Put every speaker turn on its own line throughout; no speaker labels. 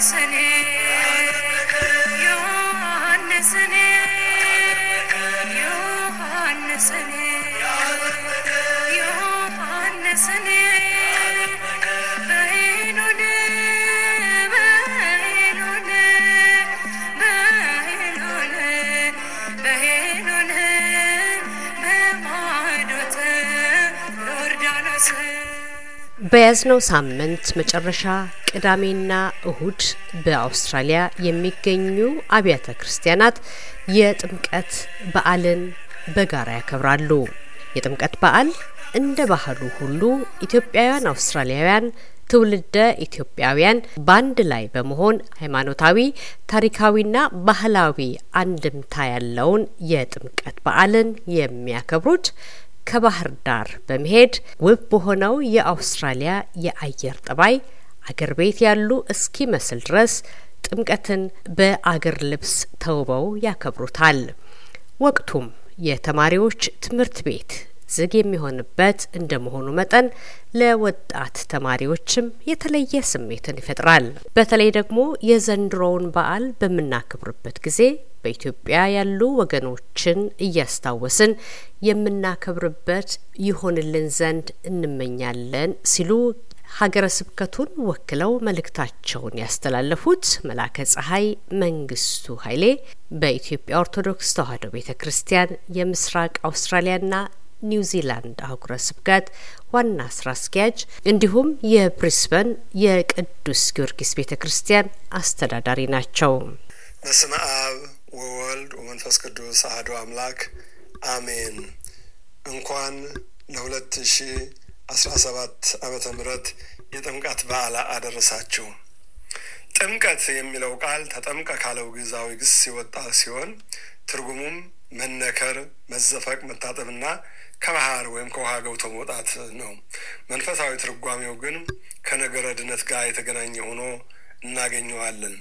seni በያዝነው ሳምንት መጨረሻ ቅዳሜና እሁድ በአውስትራሊያ የሚገኙ አብያተ ክርስቲያናት የጥምቀት በዓልን በጋራ ያከብራሉ። የጥምቀት በዓል እንደ ባህሉ ሁሉ ኢትዮጵያውያን አውስትራሊያውያን ትውልደ ኢትዮጵያውያን በአንድ ላይ በመሆን ሃይማኖታዊ፣ ታሪካዊና ባህላዊ አንድምታ ያለውን የጥምቀት በዓልን የሚያከብሩት ከባህር ዳር በመሄድ ውብ በሆነው የአውስትራሊያ የአየር ጠባይ አገር ቤት ያሉ እስኪመስል ድረስ ጥምቀትን በአገር ልብስ ተውበው ያከብሩታል። ወቅቱም የተማሪዎች ትምህርት ቤት ዝግ የሚሆንበት እንደመሆኑ መጠን ለወጣት ተማሪዎችም የተለየ ስሜትን ይፈጥራል። በተለይ ደግሞ የዘንድሮውን በዓል በምናከብርበት ጊዜ በኢትዮጵያ ያሉ ወገኖችን እያስታወስን የምናከብርበት ይሆንልን ዘንድ እንመኛለን ሲሉ ሀገረ ስብከቱን ወክለው መልእክታቸውን ያስተላለፉት መላከ ጸሀይ መንግስቱ ኃይሌ በኢትዮጵያ ኦርቶዶክስ ተዋሕዶ ቤተ ክርስቲያን የምስራቅ አውስትራሊያና ኒውዚላንድ አህጉረ ስብከት ዋና ስራ አስኪያጅ እንዲሁም የብሪስበን የቅዱስ ጊዮርጊስ ቤተ ክርስቲያን አስተዳዳሪ ናቸው።
በስመ አብ ወወልድ ወመንፈስ ቅዱስ አህዶ አምላክ አሜን። እንኳን ለ2017 አስራ ዓመተ ምህረት የጥምቀት በዓል አደረሳችሁ። ጥምቀት የሚለው ቃል ተጠምቀ ካለው ግዕዛዊ ግስ ሲወጣ ሲሆን ትርጉሙም መነከር፣ መዘፈቅ፣ መታጠብና ከባህር ወይም ከውሃ ገብቶ መውጣት ነው። መንፈሳዊ ትርጓሜው ግን ከነገረ ድነት ጋር የተገናኘ ሆኖ እናገኘዋለን።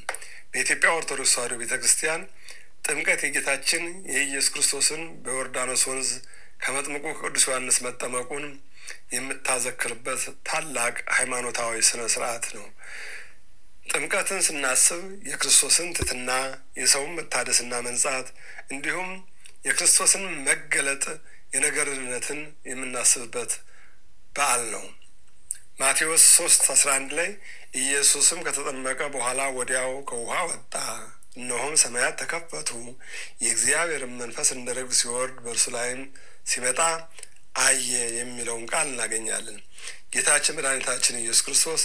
በኢትዮጵያ ኦርቶዶክስ ተዋሕዶ ቤተ ክርስቲያን ጥምቀት የጌታችን የኢየሱስ ክርስቶስን በዮርዳኖስ ወንዝ ከመጥምቁ ቅዱስ ዮሐንስ መጠመቁን የምታዘክርበት ታላቅ ሃይማኖታዊ ስነ ስርዓት ነው። ጥምቀትን ስናስብ የክርስቶስን ትትና የሰውን መታደስና መንጻት እንዲሁም የክርስቶስን መገለጥ የነገርነትን የምናስብበት በዓል ነው። ማቴዎስ ሶስት አስራ አንድ ላይ ኢየሱስም ከተጠመቀ በኋላ ወዲያው ከውሃ ወጣ እነሆም ሰማያት ተከፈቱ፣ የእግዚአብሔርን መንፈስ እንደ ርግብ ሲወርድ በእርሱ ላይም ሲመጣ አየ የሚለውን ቃል እናገኛለን። ጌታችን መድኃኒታችን ኢየሱስ ክርስቶስ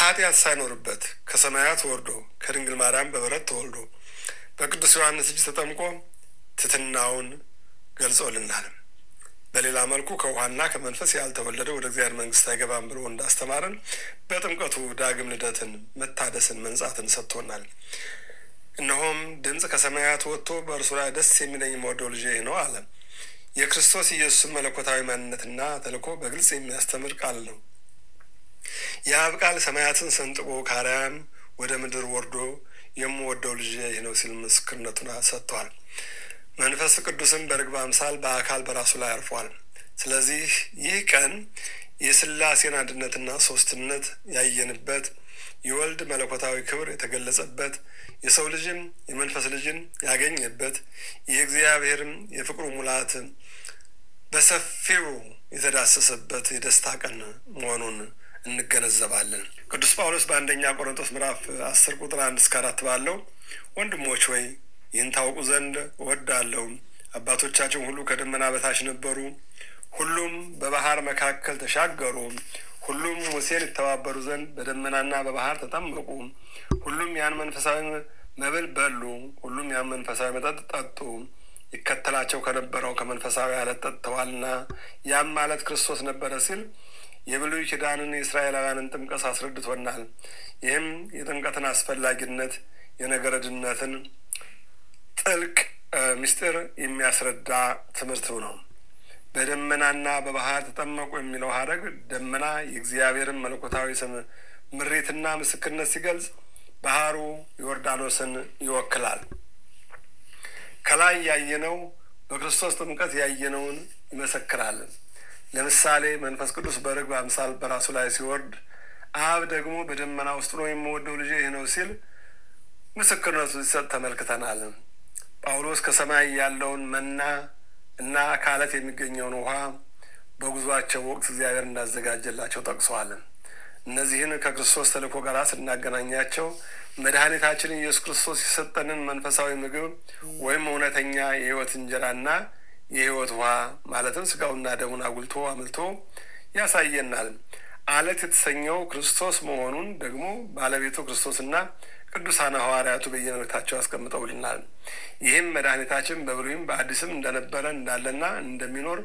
ኃጢአት ሳይኖርበት ከሰማያት ወርዶ ከድንግል ማርያም በበረት ተወልዶ በቅዱስ ዮሐንስ እጅ ተጠምቆ ትትናውን ገልጾልናል። በሌላ መልኩ ከውሃና ከመንፈስ ያልተወለደ ወደ እግዚአብሔር መንግስት አይገባም ብሎ እንዳስተማረን በጥምቀቱ ዳግም ልደትን፣ መታደስን፣ መንጻትን ሰጥቶናል። እነሆም ድምፅ ከሰማያት ወጥቶ በእርሱ ላይ ደስ የሚለኝ መወደው ልጄ ይህ ነው አለ። የክርስቶስ ኢየሱስን መለኮታዊ ማንነትና ተልእኮ በግልጽ የሚያስተምር ቃል ነው። የአብ ቃል ሰማያትን ሰንጥቆ ከአርያም ወደ ምድር ወርዶ የምወደው ልጄ ይህ ነው ሲል ምስክርነቱን ሰጥቷል። መንፈስ ቅዱስም በርግብ አምሳል በአካል በራሱ ላይ አርፏል። ስለዚህ ይህ ቀን የስላሴን አንድነትና ሶስትነት ያየንበት የወልድ መለኮታዊ ክብር የተገለጸበት የሰው ልጅም የመንፈስ ልጅን ያገኘበት የእግዚአብሔርም የፍቅሩ ሙላት በሰፊው የተዳሰሰበት የደስታ ቀን መሆኑን እንገነዘባለን። ቅዱስ ጳውሎስ በአንደኛ ቆሮንቶስ ምዕራፍ አስር ቁጥር አንድ እስከ አራት ባለው ወንድሞች ሆይ ይህን ታውቁ ዘንድ እወዳለሁ፣ አባቶቻችን ሁሉ ከደመና በታች ነበሩ፣ ሁሉም በባህር መካከል ተሻገሩ። ሁሉም ሙሴን ይተባበሩ ዘንድ በደመናና በባህር ተጠመቁ። ሁሉም ያን መንፈሳዊ መብል በሉ። ሁሉም ያን መንፈሳዊ መጠጥ ጠጡ። ይከተላቸው ከነበረው ከመንፈሳዊ አለት ጠጥተዋልና ያም ማለት ክርስቶስ ነበረ ሲል የብሉይ ኪዳንን የእስራኤላውያንን ጥምቀት አስረድቶናል። ይህም የጥምቀትን አስፈላጊነት የነገረድነትን ጥልቅ ምስጢር የሚያስረዳ ትምህርት ነው። በደመናና በባህር ተጠመቁ የሚለው ሀረግ ደመና የእግዚአብሔርን መለኮታዊ ስም ምሪትና ምስክርነት ሲገልጽ፣ ባህሩ ዮርዳኖስን ይወክላል። ከላይ ያየነው በክርስቶስ ጥምቀት ያየነውን ይመሰክራል። ለምሳሌ መንፈስ ቅዱስ በርግብ አምሳል በራሱ ላይ ሲወርድ፣ አብ ደግሞ በደመና ውስጥ ነው የምወደው ልጅ ይህ ነው ሲል ምስክርነቱ ሲሰጥ ተመልክተናል። ጳውሎስ ከሰማይ ያለውን መና እና ከአለት የሚገኘውን ውሃ በጉዟቸው ወቅት እግዚአብሔር እንዳዘጋጀላቸው ጠቅሰዋል። እነዚህን ከክርስቶስ ተልእኮ ጋር ስናገናኛቸው መድኃኒታችን ኢየሱስ ክርስቶስ የሰጠንን መንፈሳዊ ምግብ ወይም እውነተኛ የህይወት እንጀራና የህይወት ውሃ ማለትም ስጋውና ደሙን አጉልቶ አምልቶ ያሳየናል። አለት የተሰኘው ክርስቶስ መሆኑን ደግሞ ባለቤቱ ክርስቶስና ቅዱሳን ሐዋርያቱ በየመልእክታቸው አስቀምጠውልናል። ይህም መድኃኒታችን በብሉይም በአዲስም እንደነበረ እንዳለና እንደሚኖር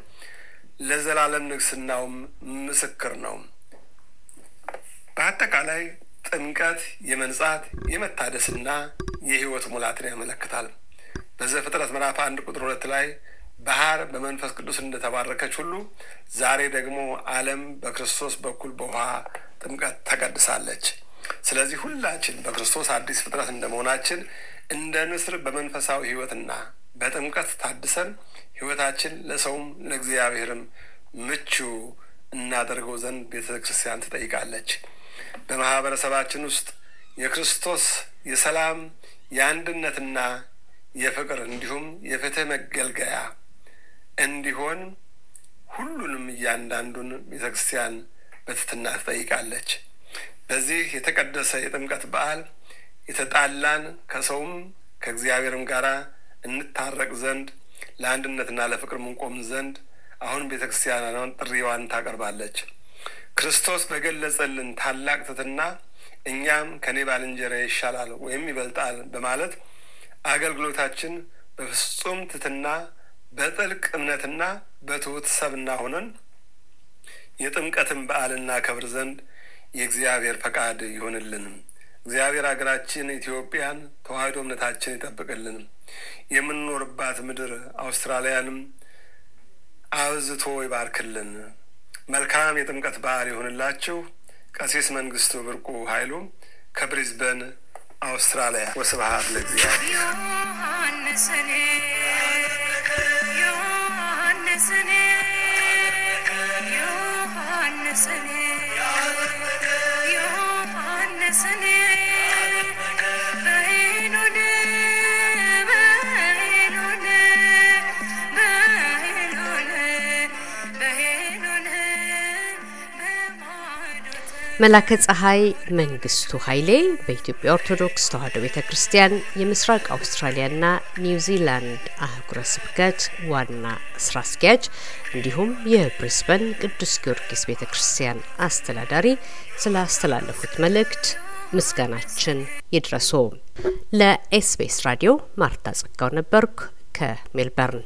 ለዘላለም ንግስናውም ምስክር ነው። በአጠቃላይ ጥምቀት የመንጻት የመታደስና የህይወት ሙላትን ያመለክታል። በዘፍጥረት ምዕራፍ አንድ ቁጥር ሁለት ላይ ባህር በመንፈስ ቅዱስ እንደተባረከች ሁሉ ዛሬ ደግሞ ዓለም በክርስቶስ በኩል በውሃ ጥምቀት ተቀድሳለች። ስለዚህ ሁላችን በክርስቶስ አዲስ ፍጥረት እንደመሆናችን እንደ ንስር በመንፈሳዊ ህይወትና በጥምቀት ታድሰን ህይወታችን ለሰውም ለእግዚአብሔርም ምቹ እናደርገው ዘንድ ቤተ ክርስቲያን ትጠይቃለች። በማህበረሰባችን ውስጥ የክርስቶስ የሰላም የአንድነትና የፍቅር እንዲሁም የፍትህ መገልገያ እንዲሆን ሁሉንም እያንዳንዱን ቤተ ክርስቲያን ትጠይቃለች። በዚህ የተቀደሰ የጥምቀት በዓል የተጣላን ከሰውም ከእግዚአብሔርም ጋር እንታረቅ ዘንድ ለአንድነትና ለፍቅር ምንቆም ዘንድ አሁን ቤተ ክርስቲያን ጥሪዋን ታቀርባለች። ክርስቶስ በገለጸልን ታላቅ ትትና እኛም ከእኔ ባልንጀራ ይሻላል ወይም ይበልጣል በማለት አገልግሎታችን በፍጹም ትትና በጥልቅ እምነትና በትሑት ሰብና ሆነን የጥምቀትን በዓል እናከብር ዘንድ የእግዚአብሔር ፈቃድ ይሆንልን እግዚአብሔር ሀገራችን ኢትዮጵያን ተዋህዶ እምነታችን ይጠብቅልን የምንኖርባት ምድር አውስትራሊያንም አብዝቶ ይባርክልን። መልካም የጥምቀት በዓል ይሆንላችሁ። ቀሲስ መንግስቱ ብርቁ ኃይሉ ከብሪዝበን አውስትራሊያ። ወስብሐት
ለእግዚአብሔር። listening. መላከ ፀሐይ መንግስቱ ኃይሌ በኢትዮጵያ ኦርቶዶክስ ተዋሕዶ ቤተ ክርስቲያን የምስራቅ አውስትራሊያና ኒውዚላንድ አህጉረ ስብከት ዋና ስራ አስኪያጅ እንዲሁም የብሪስበን ቅዱስ ጊዮርጊስ ቤተ ክርስቲያን አስተዳዳሪ ስላስተላለፉት መልእክት ምስጋናችን ይድረሶ። ለኤስቢኤስ ራዲዮ ማርታ ጸጋው ነበርኩ ከሜልበርን።